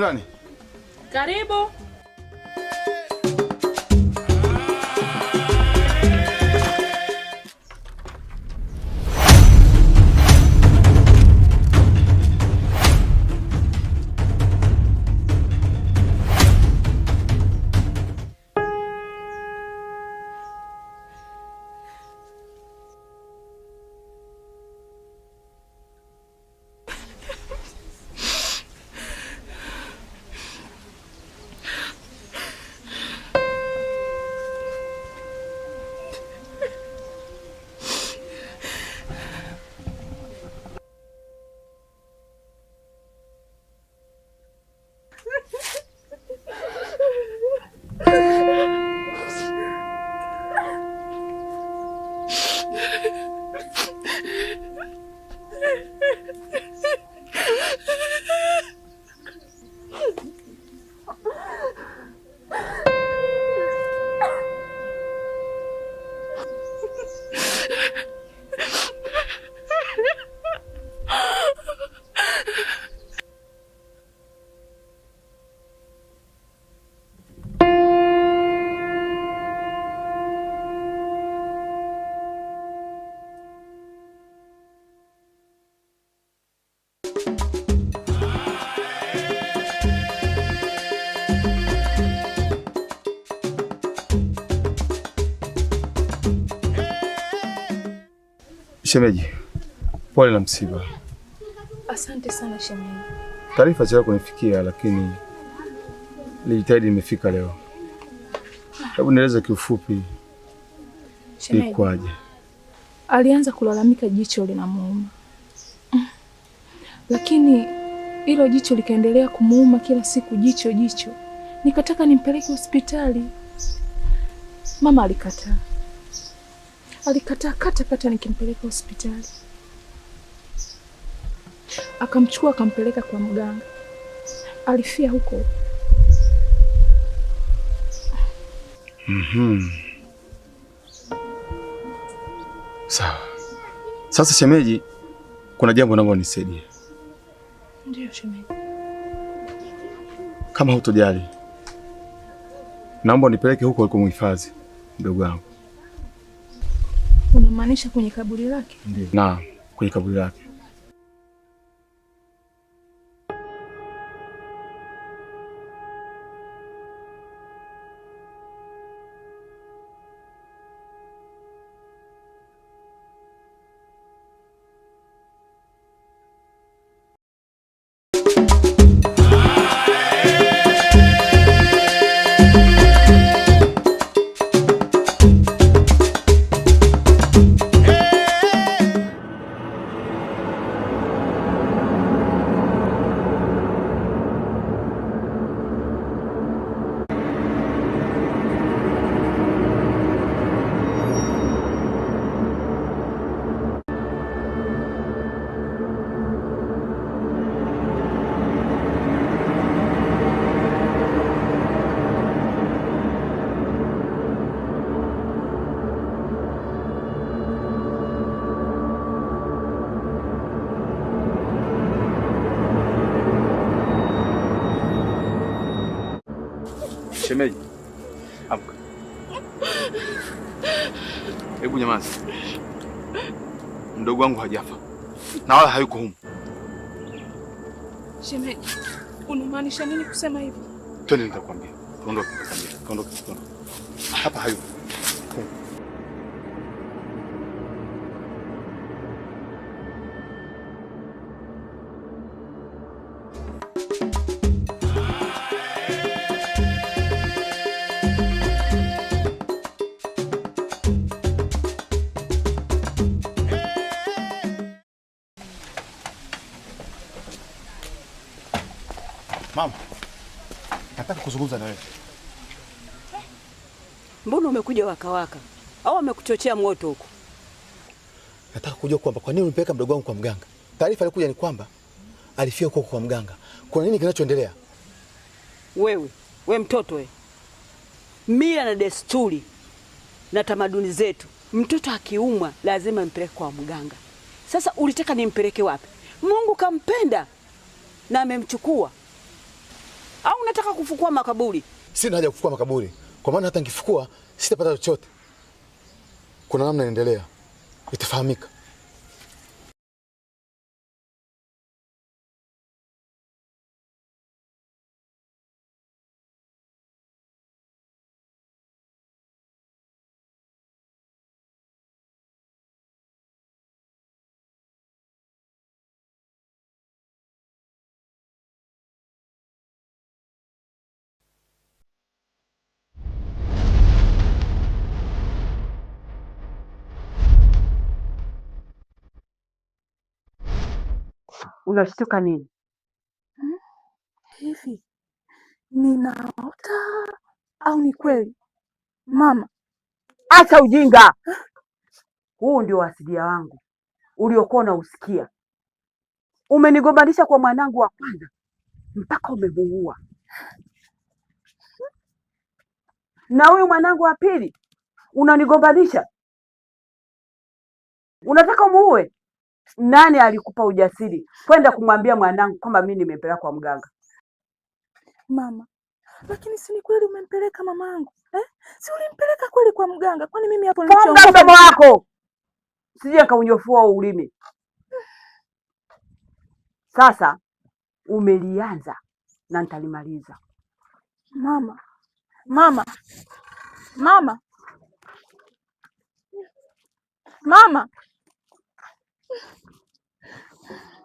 ndani. Karibu. Shemeji, pole na msiba. Asante sana shemeji. Taarifa zao kunifikia, lakini nilijitahidi nimefika leo. Hebu nieleze kiufupi ilikuwaje? Alianza kulalamika jicho linamuuma, lakini hilo jicho likaendelea kumuuma kila siku, jicho jicho. Nikataka nimpeleke hospitali, mama alikataa alikataa kata kata nikimpeleka hospitali, akamchukua akampeleka kwa mganga, alifia huko. mm -hmm. Sawa. Sasa shemeji, kuna jambo naomba unisaidie. Ndio shemeji, kama hutojali, naomba nipeleke huko alikomhifadhi mdogo wangu. Unamaanisha kwenye kaburi lake? Ndio. Na kwenye kaburi lake Shemeji, amka. Hebu nyamazi, mdogo wangu hajafa na wala hayuko humu. Shemeji, unamaanisha nini kusema hivyo? Twende, nitakwambia. Tuondoke, tuondoke, tuondoke. Hapa hayuko. Mama, nataka kuzungumza na wewe. Eh, mbona umekuja wakawaka au amekuchochea moto huko? Nataka kujua kwamba kwa nini ulimpeleka mdogo wangu kwa mganga. Taarifa ilikuja ni kwamba alifia huko kwa mganga. Kuna nini kinachoendelea? Wewe we mtoto we, mila na desturi na tamaduni zetu, mtoto akiumwa lazima mpeleke kwa mganga. Sasa ulitaka nimpeleke wapi? Mungu kampenda na amemchukua au unataka kufukua makaburi? Sina haja kufukua makaburi, kwa maana hata nikifukua sitapata chochote. Kuna namna inaendelea, itafahamika. Unashtuka nini? Hmm? Hivi ninaota au ni kweli? Mama, acha ujinga huu. Ndio asilia wangu uliokuwa unausikia. Umenigombanisha kwa mwanangu wa kwanza mpaka umemuua, na huyu mwanangu wa pili unanigombanisha, unataka umuue? Nani alikupa ujasiri kwenda kumwambia mwanangu kwamba mimi nimempeleka kwa mganga? Mama, lakini si ni kweli umempeleka mamangu eh? Si ulimpeleka kweli kwa mganga? Kwani mimi hapo nilichoongoza. Mdomo wako sije kaunyofoa ulimi. Sasa umelianza na nitalimaliza. Mama, mama, mama, mama.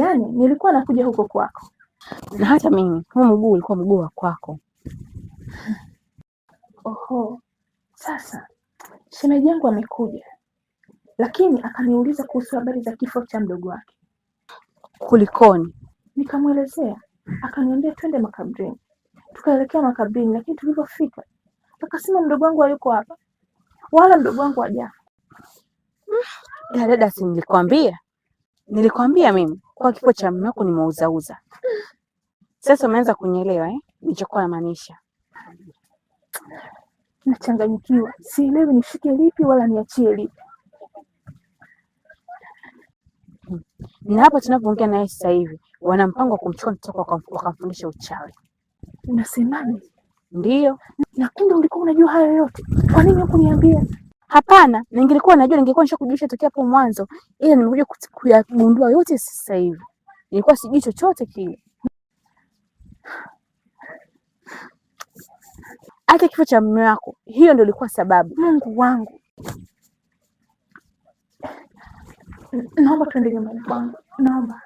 yani nilikuwa nakuja huko kwako, na hata mimi huu mguu ulikuwa mguu wa kwako. Oho, sasa shemeji yangu amekuja, lakini akaniuliza kuhusu habari za kifo cha mdogo wake. Kulikoni? Nikamwelezea, akaniambia twende makabrini Tukaelekea makabrini lakini tulivyofika akasema mdogo wangu hayuko hapa, wala mdogo wangu hajafa. Eh, dada, si nilikwambia? Nilikwambia mimi kwa kifo cha mume wako nimeuzauza. Sasa umeanza kunielewa eh? Nilichokuwa namaanisha. Nachanganyikiwa, sielewi nishike lipi wala niachie lipi. Na hapa tunapoongea naye sasa hivi wana mpango wa kumchukua mtoto wakamfundisha uchawi. Unasemaje? Ndio, na kumbe ulikuwa unajua hayo yote, kwa nini hukuniambia? Hapana, ningelikuwa najua ningekuwa nishakujulisha tokea hapo mwanzo, ila nimekuja kuyagundua yote sasa hivi. Nilikuwa sijui chochote kile. Hata kifo cha mume wako, hiyo ndio ilikuwa sababu. Mungu wangu, naomba tuendelee. Mungu naomba